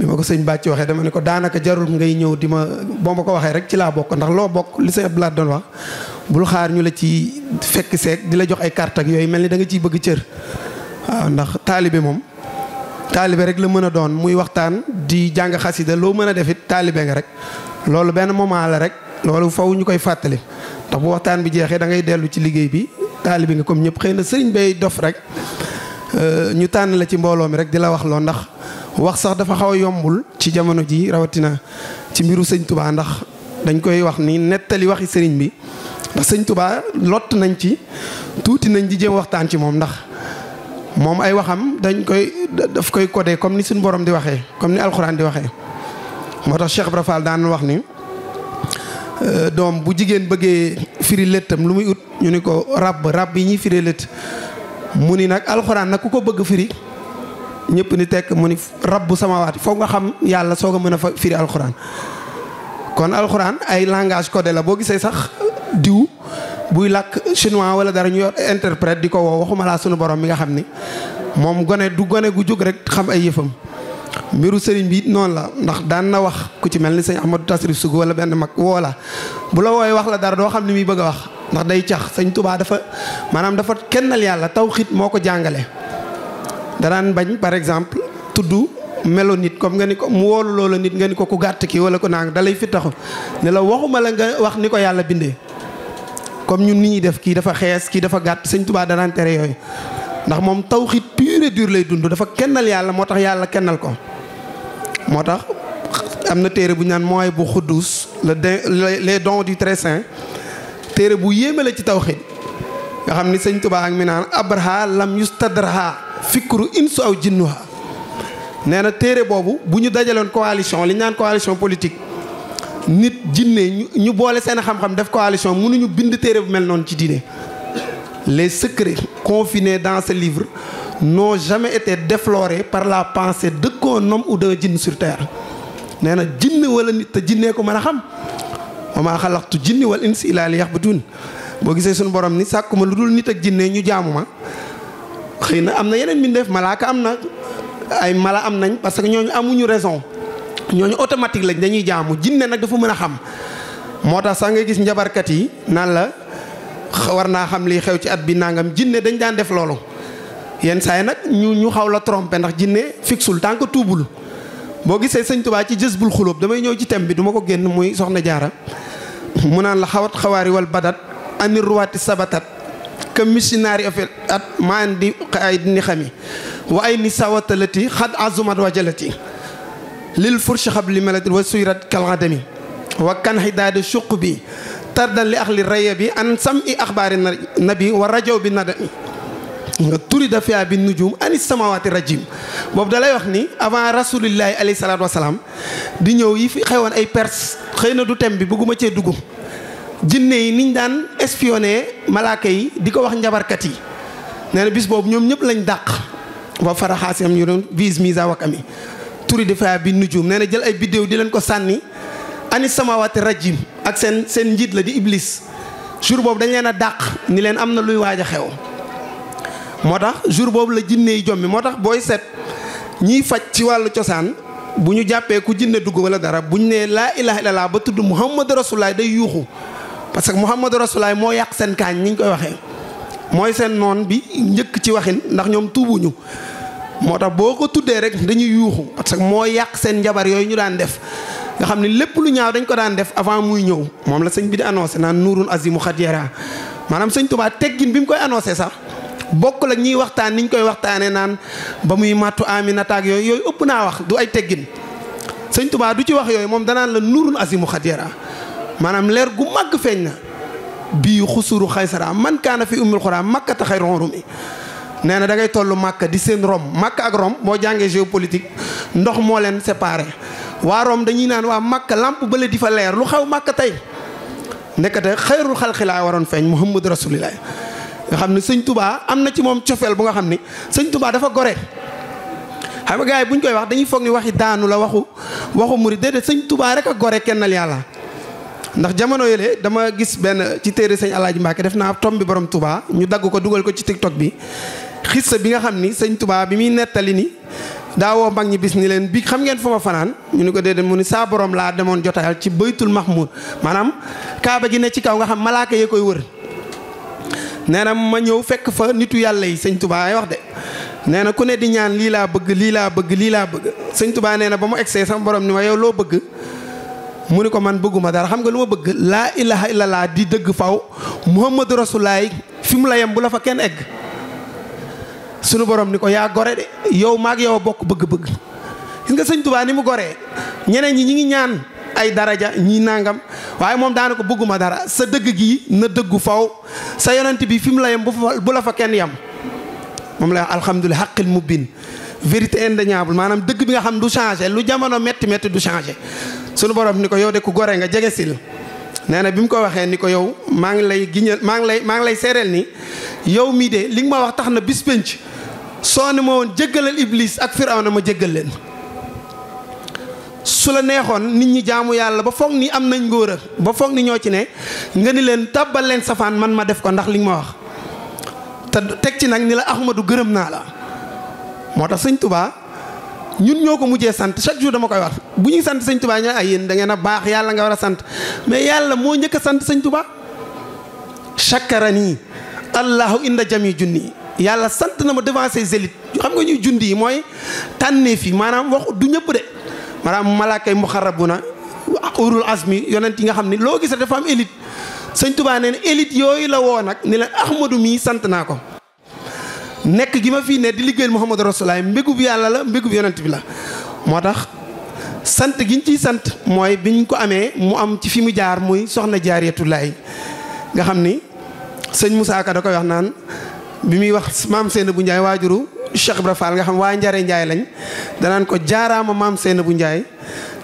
bi ma ko sëñ bàcc waxee dama ne ko daanaka jarul ngay ñëw di ma boo ma ko waxee rek ci laa bokk ndax loo bokk lu sëñ Abdoulaye doon wax bul xaar ñu la ci fekk seek di la jox ay carte ak yooyu mel ni danga nga ciy bëgg cër waaw ndax taalibe moom taalibe rek la mën a doon muy waxtaan di jàng xasida loo mën a def it taalibe rek loolu benn moment la rek loolu faw ñu koy fàttali ndax bu waxtaan bi jeexee dangay dellu ci liggéey bi taalibe nga comme ñëpp xëy na sëriñ bay dof rek euh, ñu tànn la ci mbooloo mi rek di la wax loo ndax wax sax dafa xaw a yombul ci jamono ji rawatina ci mbiru sëñ tubaa ndax dañ koy wax ni nettali waxi sëriñ bi ndax sëñ tubaa lott nañ ci tuuti nañ di jéem waxtaan ci moom ndax moom ay waxam dañ koy daf koy codé comme ni suñ borom di waxee comme ni alxuraan di waxee moo tax Cheikh Ibra daan wax ni euh, doom bu jigéen bëggee firi léttam lu muy ut ñu ni ko ràbb ràbb yi ñuy firi létt mu ni nag alxuraan nag ku ko bëgg firi ñëpp ni tekk mu ni rab bu sama samawaati foog nga xam yàlla soo ko mën fa firi alxuraan kon alxuraan ay langage codé la boo gisee sax diw buy làkk chinois wala dara ñu yor interprète di ko woo waxuma laa sunu borom mi nga xam ni moom gone du gone gu jóg rek xam ay yëfam mbiru sëriñ bi noonu la ndax daan na wax ku ci mel ni sëñ Ahmadou Tasrif Sougou wala benn mag woo la bu la wooy wax la dara doo xam ni muy bëgg a wax ndax day cax sëñ tubaa dafa maanaam dafa kennal yàlla tawxiit moo ko jàngale danaan bañ par exemple tudd melo nit comme nga ni ko mu woolu loola nit nga ni ko ku gàtt ki wala ko naan dalay fi taxu ne la waxuma la nga wax ni ko yàlla bindee comme ñun nit ñi def kii dafa xees kii dafa gàtt sëñ Tuubaa danaan tere yooyu ndax moom tawxiid pur et lay dund dafa kennal yàlla moo tax yàlla kennal ko moo tax am na téere bu ñu naan mooy bu xuddus le les dons du très saint téere bu yéeme la ci tawxiid nga xam ni sëñ Tuubaa ak mi fikru insu aw jinnuha nee na téere boobu bu ñu dajaloon coalition li ñu naan coalition politique nit jinne ñu ñu boole seen xam-xam def coalition mënuñu bind téere bu mel noonu ci diine les secrets confinés dans livre n'ont jamais été déflorés par la pensée d'un homme ou d'un jinn sur terre nee na jinne wala nit te jinnee ko mën a xam wa maa xalaqtu jinni wal insi illaa li ya'buduun boo gisee suñu borom ni sàkkuma lu dul nit ak jinne ñu jaamuma xëy na am na yeneen mbindeef malaaka am na ay mala am nañ parce que ñooñu amuñu raison ñooñu automatique lañ dañuy jaamu jinne nag dafa mën a xam moo tax sax nga gis njabarkat yi naan la war naa xam li xew ci at bi nangam jinne dañ daan def loolu yenn saa yi nag ñu ñu xaw la trompé ndax jinne fixul tant que tuubul boo gisee sëñ Tuubaa ci jës bul xulóob damay ñëw ci thème bi duma ko génn muy soxna jaara mu naan la xawat xawaari wal badat anir ruwaati sabatat كم مشناري في الأرض ما عندي قائد نخمي وأين سواتلتي قد عزمت وجلتي للفرش قبل ملت وسيرت كالغدم وكان حداد شقبي تردا لأهل الريب أن سمع أخبار النبي ورجوا بالندم تريد فيها بالنجوم أن السماوات الرجيم boobu da lay wax ni avant rasulillahi alayhi salaatu wasalaam di ñëw yi fi xewoon ay perse xëy na du thème bi bëgguma cee dugg jinne yi niñ daan espionné malaaka yi di ko wax njabarkat yi nee na bis boobu ñoom ñëpp lañ dàq wa faraxaasi am ñu doon vise mise wak ami turi defa bi nujum nee na jël ay biddéew di leen ko sànni ani samawaati rajim ak seen seen njiit la di iblis jour boobu dañ leen a dàq ni leen am na luy waaj a xew moo tax jour boobu la jinne yi jommi moo tax booy seet ñiy faj ci wàllu cosaan bu ñu jàppee ku jinne dugg wala dara ñu ne laa ilaha illallah ba tudd muhammad rasulullah day yuuxu parce que Muhammadu Rasulaay moo yàq seen kaañ ni ñu koy waxee mooy seen noon bi njëkk ci waxin ndax ñoom tuubuñu moo tax boo ko tuddee rek dañuy yuuxu parce que moo yàq seen njabar yooyu ñu daan def nga xam ne lépp lu ñaaw dañ ko daan def avant muy ñëw moom la sëñ bi di annoncé naan nuurun azimu xat yara sëñ Tuubaa teggin bi mu koy annoncé sax bokk la ñuy waxtaan niñ koy waxtaanee naan ba muy màttu Aminata ak yooyu yooyu ëpp naa wax du ay teggin sëñ Tuubaa du ci wax yooyu moom danaan la nuurun azimu maanaam leer gu màgg feeñ na bii xusuru xaysara man kaana fi ummil xuraa makkata xayru urumi nee na da ngay toll màkk di seen rom màkk ak rom boo jàngee géopolitique ndox moo leen séparé waa rom dañuy naan waa màkk lamp bële di fa leer lu xaw màkk tey nekkate xayrul xalqi laa waroon feeñ muhammad rasulillah nga xam ne sëñ tubaa am na ci moom cofeel bu nga xam ni sëñ tubaa dafa gore xam nga yi bu koy wax dañuy foog ni waxi daanu la waxu waxu murid déedéet sëñ tubaa rek a gore kennal yàlla ndax jamono yële dama gis benn ci téere sëñ Alaaji Mbàkke def naa tom bi borom ñu dagg ko dugal ko ci TikTok bi xissa bi nga xam ni sëñ tubaa bi muy nettali ni daawoo mag ñi bis ni leen bi xam ngeen fa ma fanaan ñu ni ko dee dem mu ni saa borom laa demoon jotaayal ci baytul mahmud maanaam kaaba gi ne ci kaw nga xam malaaka yee koy wër nee na ma ñëw fekk fa nitu yàlla yi sëñ tubaa ay wax de nee na ku ne di ñaan lii laa bëgg lii laa bëgg lii laa bëgg sëñ Touba nee na ba mu egsee sama borom ni ma yow loo bëgg mu ni ko man bëgguma dara xam nga lu ma bëgg laa ilaha illallah di dëgg faw muhammadu rasulaay fi mu la yem bu la fa kenn egg sunu borom ni ko yaa gore de yow maag yow a bëgg-bëgg nga sëñ ni mu goree ñeneen ñi ñu ngi ñaan ay daraja ñi nangam waaye moom daana ko bëgguma dara sa dëgg gii na dëggu faw sa yonent bi fi mu la yem bu la fa kenn yem moom la alhamdulilah mu mubbin vérité indéniable maanaam dëgg bi nga xam du changé lu jamono métti métti du changé sunu borom ni ko yow de ku gore nga jege sil nee na bi mu ko waxee ni ko yow maa ngi lay giñal maa ngi lay maa lay seereel ni yow mii de li ma wax tax na bis soo ne ma woon jéggalal iblis ak na ma jéggal leen su la neexoon nit ñi jaamu yàlla ba foog ni am nañ ngóora ba foog ni ñoo ci ne nga ni leen tàbbal leen safaan man ma def ko ndax li nga ma wax te teg ci nag ni la du gërëm naa la moo tax sëñ Tuubaa ñun ñoo ko mujjee sant chaque jour dama koy war bu ñuy sant sëñ Touba ñoo ay yéen da ngeen a baax yàlla nga war a sant mais yàlla moo njëkk a sant sëñ Touba chakarani allahu inda jami junni yàlla sant na ma devant ses élites xam nga ñuy junni yi mooy tànnee fi maanaam wax du ñëpp de maanaam na muxarrabuna urul azmi yonent yi nga xam ni loo gis dafa am élite sëñ Touba nee na yooyu la woo nag ni leen ahmadu mii sant naa ko nekk gi ma fii ne di liggéey liggéeyal Muhammadu solaay mbégub yàlla la mbégub yonent bi la moo tax sant giñ ciy sant mooy biñ ko amee mu am ci fi mu jaar muy soxna jaariyatullaay nga xam ni sëñ Moussa koy wax naan bi muy wax maam Seyna bu Njaay waajuru Cheikh Ibra Fall nga xam waa njare njaay lañ danan ko jaaraama maam Seyna bu Njaay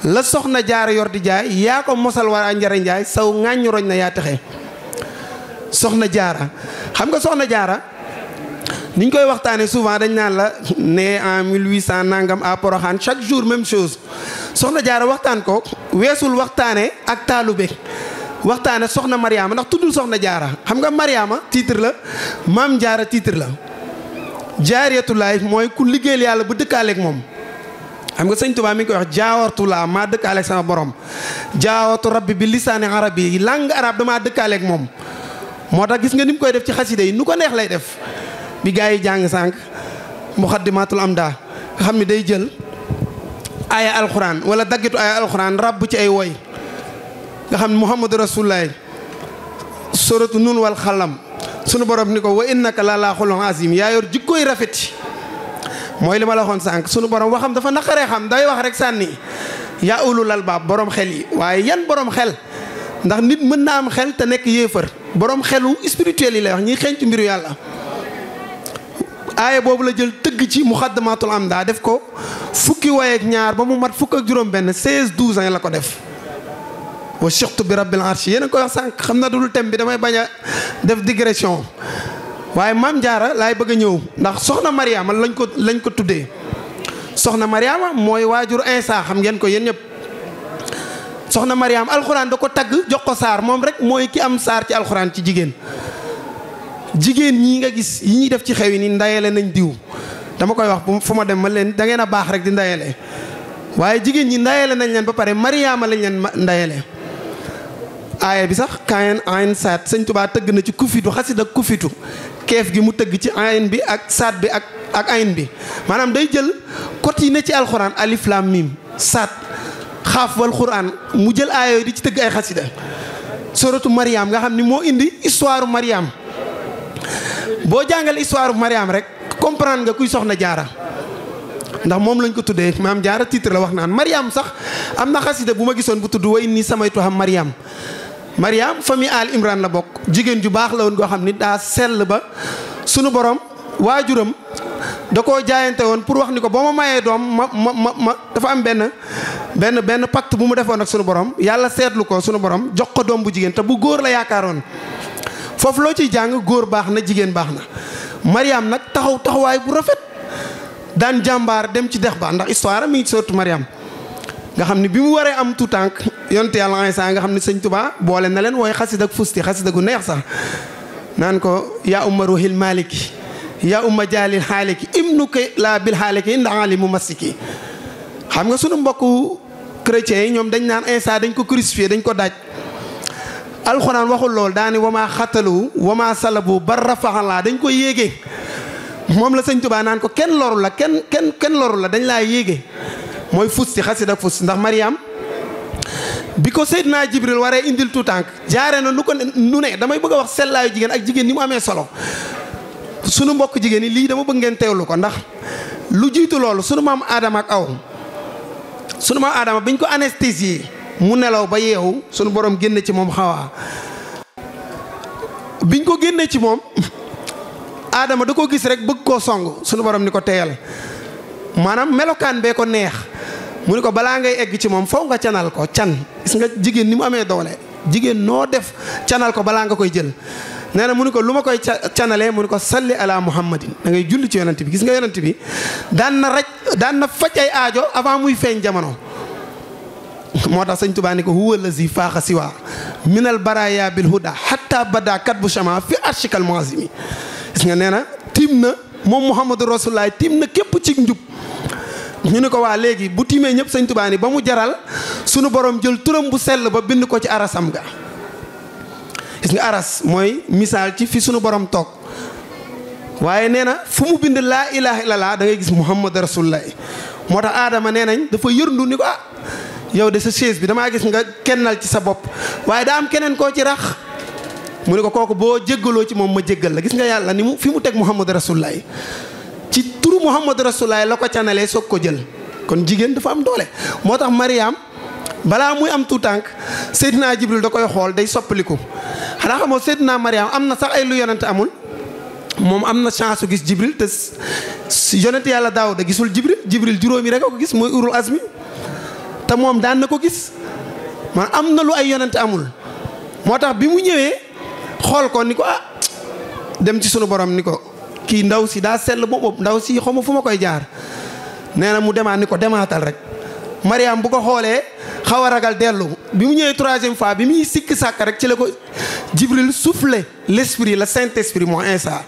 la soxna jaar yor di jaay yaa ko mosal waa njare njaay saw ŋàññ roñ na yaa taxe soxna jaara xam nga soxna jaara niñ koy waxtaanee souvent dañ naan la ne en 1800 nangam à Porokhane chaque jour même chose soxna jaara waxtaan ko weesul waxtaanee ak taalube waxtaane soxna Mariama ndax tuddul soxna jaara xam nga Mariama titre la maam njaara titre la jaariyatulaay mooy ku liggéeyal yàlla bu dëkkaaleek moom xam nga sëñtu Tuubaa mi koy wax jaawartu laa maa dëkkaaleeg sama borom jaawartu rabbi bi lisaani arab yi langue arabe damaa dëkkaaleeg moom moo tax gis nga ni mu koy def ci xasida yi nu ko neex lay def bi gaa yi jàng sànq muxaddimatul amda nga xam ne day jël aaya alxuraan wala daggitu aaya alxuraan ràbb ci ay woy nga xam ne muhammadu rasulullahi suratu nun wal xalam sunu borom ni ko wa innaka la laa xulon azim yaa yor jikkooy rafet mooy li ma la waxoon sànq sunu borom waxam dafa naqaree xam day wax rek sànni yaa ulul albaab borom xel yi waaye yan boroom xel ndax nit mën naa am xel te nekk yéefar borom xelu spirituel yi lay wax ñiy xeeñ aaya boobu la jël tëgg ci muxaddamatul am daa def ko fukki waay ñaar ba mu mat fukk ak juróom benn seize douze ans la ko def wa surtout bi rabbil arshi yéen ko koy wax sànq xam na dul thème bi damay baña a def digression waaye maam jaara laay bëgg a ñëw ndax soxna mariama lañ ko lañ ko tuddee soxna mariama mooy waajur insa xam ngeen ko yéen ñëpp soxna mariama alxuraan da ko tagg jox ko saar moom rek mooy ki am saar ci alxuraan ci jigéen jigéen ñi nga gis yi ñuy def ci xew yi nii ndayale nañ diw dama koy wax bu fu ma dem ma leen dangeen a baax rek di ndayale waaye jigéen ñi ndayale nañ leen ba pare mariyaama lañ leen ndayale aaya bi sax kayen ayn saat sëñ tubaa tëgg na ci kufitu xasid ak kufitu keef gi mu tëgg ci ayn bi ak saat bi ak ak ayn bi maanaam day jël côté yi ci alxuraan alif miim mim saat xaaf wal xuraan mu jël aaya di ci tëgg ay xasida suratu mariam nga xam ni moo indi histoire mariam boo jàngale histoire Mariam rek comprendre nga kuy soxna jaara ndax moom lañ ko tuddee maam jaara titre la wax naan Mariam sax am na xasida bu ma gisoon bu tudd way nii samay tuxam Mariam. Mariam famille Al Imran la bokk jigéen ju baax la woon goo xam ni daa sell ba sunu borom waajuram da koo jaayante woon pour wax ni ko boo ma mayee doom ma ma ma ma dafa am benn benn benn pacte bu mu defoon ak sunu borom yàlla seetlu ko sunu borom jox ko doom bu jigéen bu góor la yaakaaroon. foofu loo ciy jàng góor baax na jigéen baax na Mariam nag taxaw taxawaay bu rafet daan jàmbaar dem ci dex ba ndax histoire mi ngi sotti Mariam. nga xam ne bi mu waree am tout tànk yonte yàlla Iisaa nga xam ne sëñ Tuubaa boole na leen wooy xasida ak fusti xasida gu neex sax naan ko yaa umma ruhil maliki yaa umma jaalil xaaliki ibnuka laa bil xaaliki ndaali mu massiki xam nga sunu mbokku chrétiens yi ñoom dañ naan Iisaa dañ ko crucifié dañ ko daaj alxuraan waxul lool daani wamaa xataluhu wamaa salabu ba rafaxalaa dañ koy yéege moom la sëñ Tuubaa naan ko kenn loru la kenn kenn kenn loru la dañ laa yéege mooy fus ci xasid ak fus ndax Mariam bi ko naa Jibril waree indil tu tànk jaare na nu ko nu ne damay bëgg a wax sellaayu jigéen ak jigéen ni mu amee solo sunu mbokk jigéen yi lii dama bëgg ngeen teewlu ko ndax lu jiitu loolu sunu maam Adama ak aw sunu maam Adama biñ ko anesthésié mu nelaw ba yeewu sunu borom génne ci moom xawaa biñ ko génne ci moom aadama da koo gis rek bëgg koo song sunu borom ni ko teyal maanaam melokaan bee ko neex mu ni ko balaa ngay egg ci moom faw nga canal ko can gis nga jigéen ni mu amee doole jigéen noo def canal ko balaa nga koy jël nee na mu ni ko lu ma koy canalee mu ni ko salli ala muhammadin da ngay julli ci yonent bi gis nga yonent bi daan na raj daan na faj ay aajo avant muy feeñ jamono moo tax sëñ Tuubaa ne ko huwa lazi faaxa siwa minal baraya bil huda hatta bada kat bu chama fi archikal moisimi gis nga nee na tim na moom Muhammadu Rasulullaay tiim na képp ci njub ñu ni ko waa léegi bu tiimee ñëpp sëñ Tuubaa ba mu jaral sunu borom jël turam bu sell ba bind ko ci arasam ga gis nga aras mooy misaal ci fi sunu borom toog waaye nee na fu mu bind laa ilaha illallah da gis Muhammadu Rasulullaay moo tax aadama nee dafa yërndu ni ko ah, yow de sa chaise bi damaa gis nga kennal ci sa bopp waaye daa am keneen koo ci rax mu ne ko kooku boo jéggaloo ci moom ma jéggal la gis nga yàlla ni mu fi mu teg Muhammad Rasulullaay ci turu Muhammad Rasulullaay la ko canalee soog ko jël kon jigéen dafa am doole moo tax Mariam balaa muy am tuutànk naa Jibril da koy xool day soppaliku xanaa xamoo naa Mariam am na sax ay lu yonent amul moom am na chance su gis Jibril te yonent yàlla daaw da gisul Jibril Jibril juróomi rek gis mooy urul azmi te moom daan na ko gis man am na lu ay yonent amul moo tax bi mu ñëwee xool ko ni ko ah dem ci sunu borom ni ko kii ndaw si daa sell ba bopp ndaw si xawma fu ma koy jaar nee na mu demaat ni ko demaatal rek Mariam bu ko xoolee xaw a ragal dellu bi mu ñëwee troisième fois bi muy sikk sàkk rek ci la ko Jibril soufflé l'esprit la Saint-Esprit moo Insa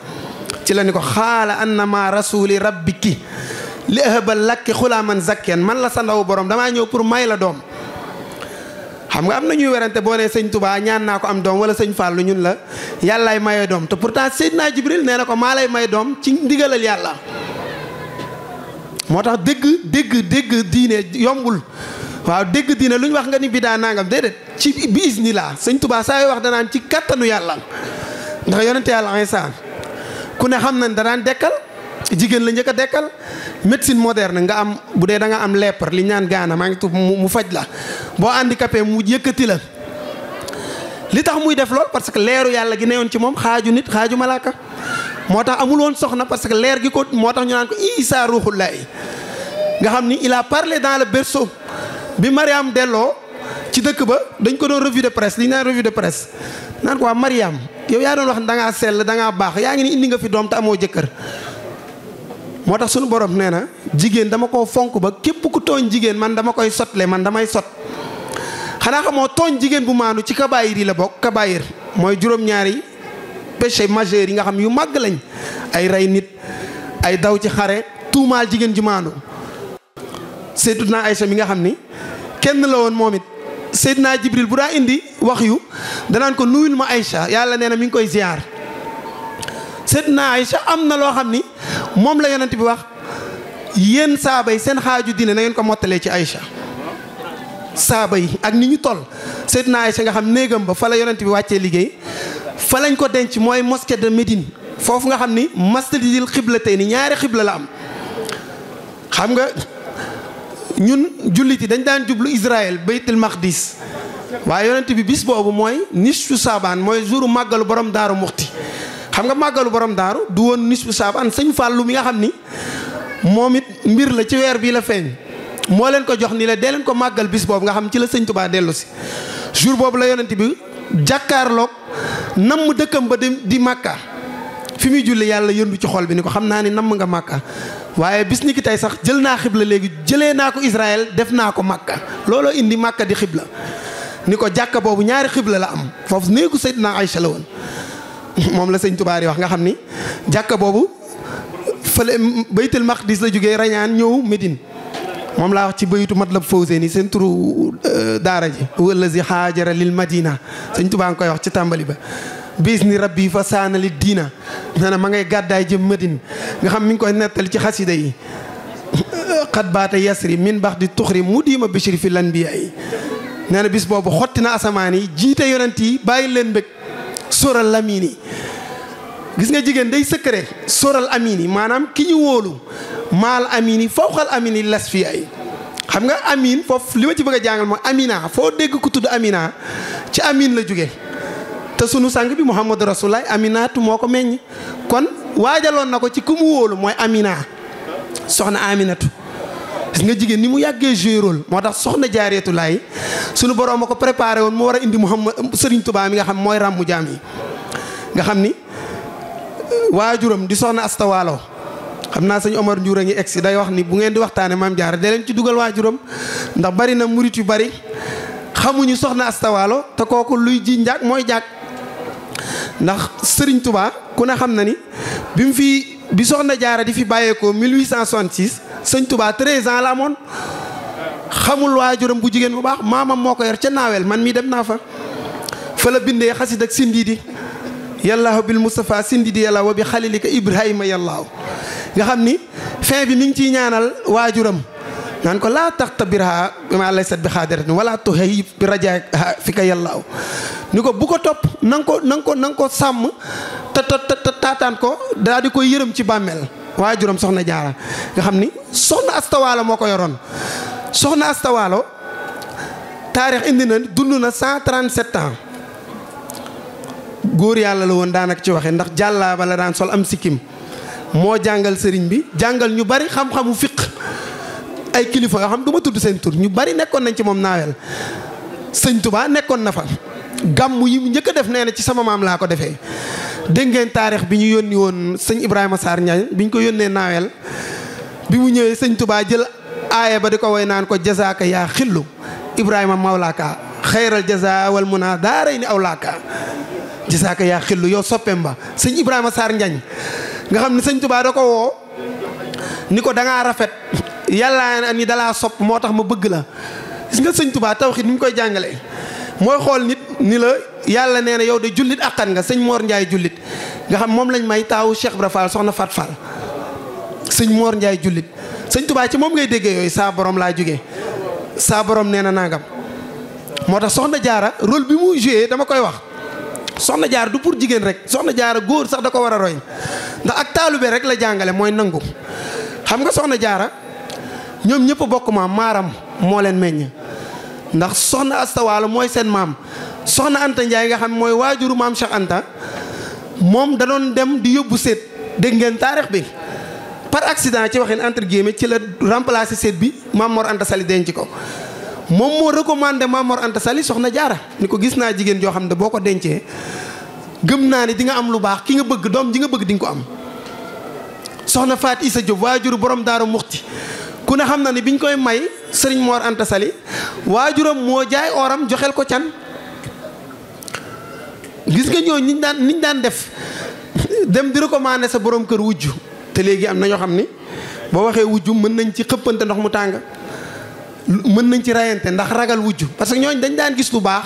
ci la ni ko xaala annama rasuli rabbiki li ëhëbal lakki xulaaman zakken man la sa ndaw borom damaa ñëw pour may la doom xam nga am na ñuy werante boo nee sëñ tubaa ñaan naa ko am doom wala sëñ Fallou ñun la yàllaay maye doom te pourtant Seydina Jibril nee na ko maa lay may doom ci ndigalal yàlla moo tax dégg dégg dégg diine yombul waaw dégg diine lu ñu wax nga ni bidaa nangam déedéet ci biis ni laa sëñ tubaa saa yoo wax danaan ci kattanu yàlla ndax yonente yàlla Iisaa ku ne xam jigéen la njëkk a dekkal médecine moderne nga am bu dee da nga am lèpre li naan gaana maa ngi tudd mu faj la boo handicapé mu yëkkati la li tax muy def lool parce que leeru yàlla gi newoon ci moom xaaju nit xaaju malaaka moo tax amul woon soxna parce que leer gi ko moo tax ñu naan ko Isaa ruuxul laay nga xam ni il a parlé dans le berceau bi Mariam delloo ci dëkk ba dañ ko doon revue de presse li naan revue de presse naan ko waa Mariam yow yaa doon wax da ngaa sell da baax yaa indi nga fi doom amoo jëkkër moo tax suñu borom nee na jigéen dama koo fonk ba képp ku tooñ jigéen man dama koy sotle man damay sot xanaa xamoo tooñ jigéen bu maanu ci kabaayir yi la bokk kabaayir mooy juróom-ñaari péché majeur yi nga xam yu màgg lañ ay rey nit ay daw ci xare tuumaal jigéen ju maanu Seydina Aysa mi nga xam ni kenn la woon moom it naa Jibril bu daa indi wax yu danaan ko nuyul ma Aysa yàlla nee na mi ngi koy ziar. Seydina Aïcha am na loo xam ni moom la yonent bi wax yéen saaba yi seen xaaju diine na ngeen ko mottalee ci Aïcha saaba yi ak ni ñu toll Seydina Aïcha nga xam néegam ba fa la yonent bi wàccee liggéey fa lañ ko denc mooy mosquée de Médine foofu nga xam ni xibla tey xiblatayni ñaari xibla la am xam nga ñun jullit yi dañ daan jublu Israël baytul maqdis waaye yonent bi bis boobu mooy nisu saabaan mooy jouru màggalu borom daaru muxti xam nga màggalu borom daaru du woon nisfu saabaan sëñ Fallou mi nga xam ni moom it mbir la ci weer bii la feeñ moo leen ko jox ni la dee leen ko màggal bis boobu nga xam ci la sëñ Touba dellu si jour boobu la yonent bi jàkkaarloog namm dëkkam ba di di màkka fi muy julli yàlla yëndu ci xol bi ni ko xam naa ni namm nga màkka waaye bis ni ki tey sax jël naa xibla léegi jëlee naa ko Israël def naa ko màkka looloo indi màkka di xibla ni ko jàkka boobu ñaari xibla la am foofu néegu Seydina Aïcha la woon moom la sëñ Tuubaa yi wax nga xam ni jàkka boobu fële baytul maqdis la jógee rañaan ñëw Médine moom laa wax ci baytu Matlab Fawzeyni seen turu euh, daara ji wallazi haajara lil madina sëñ Tuubaa nga koy wax ci tàmbali ba bis ni yi fa saanali diina nee na ma ngay gàddaay jëm Médine nga xam mi ngi koy nettali ci xasida yi xat baata yasri min bax di tuxri mu diima bishri fi lan bi ay nee na boobu xotti na asamaan yi jiite yonent yi leen mbëgg sóoral lamiin gis nga jigéen day secret sóoral amiin yi maanaam ki ñu wóolu maal amiin yi fawqal amiin yi fii ay xam nga amin foofu lima ci bëgg a jàngal mooy amina foo dégg ku tudd amina ci amiin la jóge te sunu sang bi Muhammadu Rasulaay Aminatu moo ko meñ kon waajaloon na ko ci ku mu wóolu mooy amina soxna aminatu gis nga jigéen ni mu yàggee joué moo tax soxna jaareetu laay sunu borom a ko préparé woon mu war a indi Muhammad Sëriñ Tuubaa mi nga xam mooy ràmmu jaam yi nga xam ni euh, waajuram di soxna astawaalo xam naa sëñ Omar Ndiour a ngi egg si day wax ni bu ngeen di waxtaanee maam Jaara da leen ci dugal waajuram ndax bari na murit yu bari xamuñu soxna astawaalo te kooku luy ji njaag mooy jaag ndax Sëriñ Tuubaa ku ne xam na ni bi mu fi bi soxna jaara di fi bàyyeekoo 1866 sëñ Touba 13 ans la amoon xamul waajuram bu jigéen bu baax maamam moo ko yor ca naawel man mii dem naa fa fa la bindee xasid ak sindiidi yàllaahu bil Moustapha sindiidi yàlla wa bi xalilika Ibrahima yàllaahu nga xam ni fin bi mi ci ñaanal waajuram naan ko laa tax tabirha ma laysat bi xaadiratin wala tuhayib bi rajaa ni ko bu ko topp na ko na ko sàmm te taataan ko daal di koy yërëm ci bàmmeel waa waajuram soxna jaara nga xam ni soxna astawaalo moo ko yoroon soxna astawaalo taarix indi na dund na 137 ans góor yàlla la woon daanak ci waxe ndax jàllaaba la daan sol am sikkim moo jàngal sëriñ bi jàngal ñu bari xam-xamu fiq ay kilifa yoo xam du ma tudd seen tur ñu bari nekkoon nañ ci moom naawel sëñ Tuubaa nekkoon na fa gàmm yi mu njëkk a def nee na ci sama maam laa ko defee dégg ngeen taarix bi ñu yónni woon sëñ Ibrahima Sarr Ndiagne bi ñu ko yónnee naaweel bi mu ñëwee sëñ tubaa jël aaya ba di ko woy naan ko jazaaka yaa xillu Ibrahima mawlaaka xayral jaza wal muna daaray ni awlaaka jazaaka yaa xillu yow soppeem ba sëñ Ibrahima Sarr Ndiagne nga xam ne sëñ tubaa da ko woo ni ko danga ngaa rafet yàllaa ni dalaa sopp moo tax ma bëgg la gis nga sëñ tubaa taw ni mu koy jàngale mooy xool nit ni la yàlla nee na yow de jullit akkan nga sëñ moor Ndiaye jullit nga xam moom lañ may taawu Cheikh Ibra Fall soxna Fat Fall sëñ Mor Ndiaye jullit sëñ tubaay ci moom ngay déggee yooyu saa borom laa jógee saa borom nee na nangam moo tax soxna jaara rôle bi mu joué dama koy wax soxna jaara du pour jigéen rek soxna jaara góor sax da ko war a roy ndax ak taalu bi rek la jàngale mooy nangu xam nga soxna jaara ñoom ñëpp bokk maam maaram moo leen meññ ndax soxna Asta Waalo mooy seen maam soxna Anta Ndiaye nga xam mooy waajuru maam Cheikh Anta moom da doon dem di yóbbu seet dégg ngeen taarix bi par accident ci waxin entre guillemets ci la remplacer seet bi maam Mor Anta Sali denc ko. moom moo recommandé maam Mor Anta Sali soxna jaara ni ko gis naa jigéen joo xam ne boo ko dencee gëm naa ni di nga am lu baax ki nga bëgg doom ji nga bëgg di nga ko am. soxna Faat Isa Diop waajuru borom Daaru Muxti ku ne xam na ne biñ koy may. sëriñ Mor Anta Sali waajuram moo jaay oram joxeel ko can gis nga ñooñu niñ daan niñ daan def dem di recommander sa borom kër wujj te léegi am na ñoo xam ni boo waxee wujj mën nañ ci xëppante ndox mu tàng mën nañ ci reyante ndax ragal wujj parce que ñooñ dañ daan gis lu baax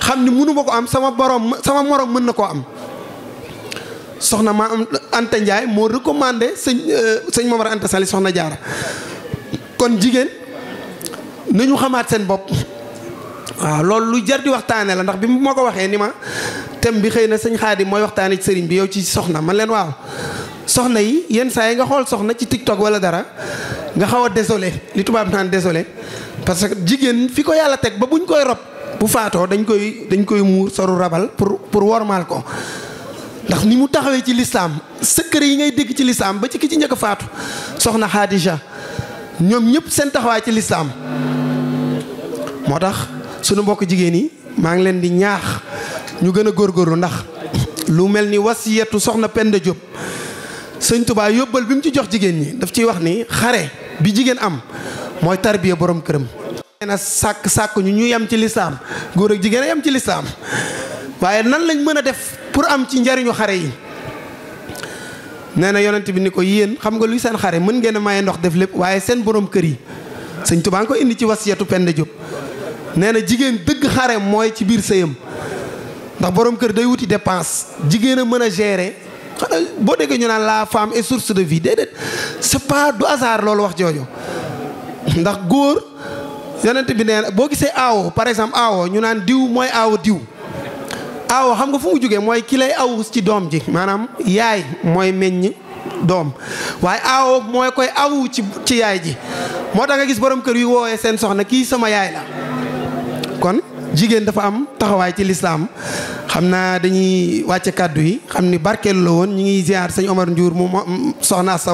xam ni mënu ko am sama borom sama moroom mën na koo am soxna ma Anta Ndiaye moo recommandé sëñ euh, sëñ Momar Anta Sali soxna jaara kon jigéen nañu xamaat seen bopp waaw loolu lu jar di waxtaane la ndax bi mu ma ko waxee ni ma thème bi xëy na sëñ Xaadim mooy waxtaane ci sëriñ bi yow ci soxna man leen waaw soxna yi yenn saa yi nga xool soxna ci TikTok wala dara nga xaw a désolé li tubaab naan désolé parce que jigéen fi ko yàlla teg ba buñ koy rob bu faatoo dañ koy dañ koy muur soru rabal pour pour wormaal ko ndax ni mu taxawee ci lislaam secret yi ngay dégg ci lislaam ba ci ki ci njëkk faatu soxna Xaadija ñoom ñëpp seen taxawaay ci lislaam moo tax sunu mbokk jigéen yi maa ngi leen di ñaax ñu gën a góorlu ndax lu mel ni wasiyatu soxna Penda Diop sëñ Tuubaa yóbbal bi mu ci jox jigéen ñi daf ciy wax ni xare bi jigéen am mooy tarbiya borom këram. na sàkk sàkkuñu ñu ñu yem ci lislaam góor ak jigéen a yem ci lislaam waaye nan lañ mën a def pour am ci njariñu xare yi nee na yonent bi ni ko yéen xam nga luy seen xare mën ngeen a maye ndox def lépp waaye seen boroom kër yi sëñ Tuubaa nga ko indi ci wasiyatu Penda Diop nee na jigéen dëgg xare mooy ci biir sëyam ndax borom kër day wuti dépense jigéen a mën a gérer xanaa boo déggee ñu naan la femme est source de vie déedéet c'est pas du hasard loolu wax jooju ndax góor yonent bi nee na boo gisee aawo par exemple aawo ñu naan diw mooy aawo diw aawo xam nga fu mu jógee mooy ki lay ci doom ji maanaam yaay mooy meññ doom waaye aawo mooy koy awu ci ci yaay ji moo tax nga gis borom kër yi woowee seen soxna kii sama yaay la jigéen dafa am taxawaay ci lislaam xam naa dañuy wàcce kàddu yi xam ni barkeelu la woon ñu ngi ziar sëñ Omar Ndiour mu soxna Asta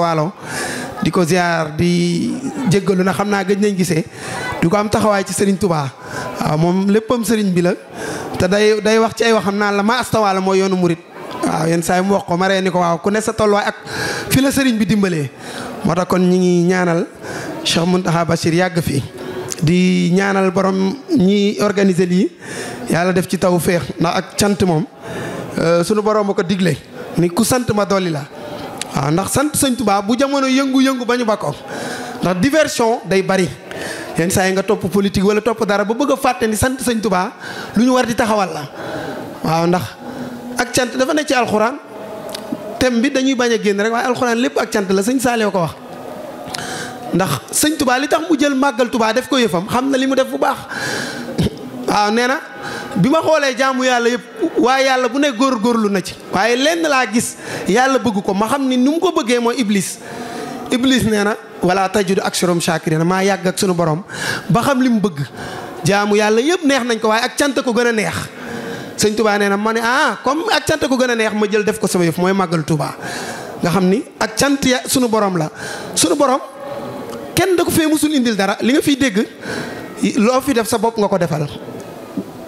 di ko ziar di jéggalu na xam naa gëj nañ gisee di ko am taxawaay ci Serigne tubaa waaw moom léppam Serigne bi la te day day wax ci ay xam naa la ma Asta mooy yoonu murit waaw yenn saa yi mu wax ma ree ni ko waaw ku ne sa tolluwaay ak fi la Serigne bi dimbalee moo tax kon ñu ngi ñaanal Cheikh mun Bachir yàgg fi. di ñaanal borom ñi organiser lii yàlla def ci tawu feex ndax ak cant moom euh, sunu borom a ko digle ni ku sant ma dolli la waaw ndax sant sañ Tuubaa bu jamono yëngu-yëngu ba ñu ndax diversion day bari yenn saa yi nga topp politique wala topp dara ba bëgg a fàtte ni sant sañ tubaa lu ñu war di taxawal la waaw ndax ak cant dafa ne ci alxuraan thème bi dañuy bañ a génn rek waaye alxuraan lépp ak cant la sëñ Saalew ko wax. ndax sëñ tubaa li tax mu jël màggal tubaa def ko yëfam xam na li mu def bu baax waaw nee na bi ma xoolee jaamu yàlla yëpp waaye yàlla bu góor góorlu na ci waaye lenn laa gis yàlla bëgg ko ma xam ni nu mu ko bëggee mooy iblis iblis nee na wala tajudu aksarum shakirina maa yàgg ak sunu borom ba xam li mu bëgg jaamu yàlla yëpp neex nañ ko waaye ak cant ko gën a neex sëñ tubaa nee na ma ne ah comme ak cant ko gën a neex ma jël def ko sama yëf mooy màggal tubaa nga xam ni ak cant suñu sunu borom la sunu borom kenn da ko fee musul indil dara li nga fiy dégg loo fi def sa bopp nga ko defal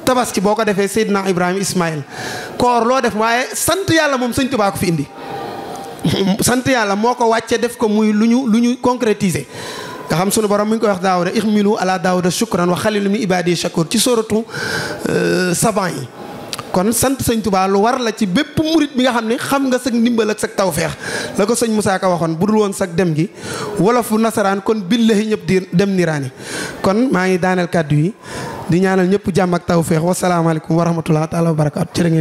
tabaski boo ko defee Seydina Ibrahima Ismaïl koor loo def waaye sant yàlla moom sëñ Tuubaa ko fi indi sant yàlla moo ko wàcce def ko muy lu ñu lu ñu concrétiser nga xam sunu borom mi ngi koy wax daawuda ixmilu ala daawuda shukran wa xalilu min ibaadi shakur ci sóoratu euh, saban yi kon sant sëñ Touba lu war la ci bépp murit bi nga xam ne xam nga sag ndimbal ak sag tawfeex la ko sëñ musaa ko waxoon bu dul woon sag dem gi wolofu nasaraan kon billahi ñëpp di dem niraani kon maa ngi daaneel kàddu yi di ñaanal ñëpp jàmm ak tawfeex wasalaamaaleykum wa rahmatulah taala wa barakaatu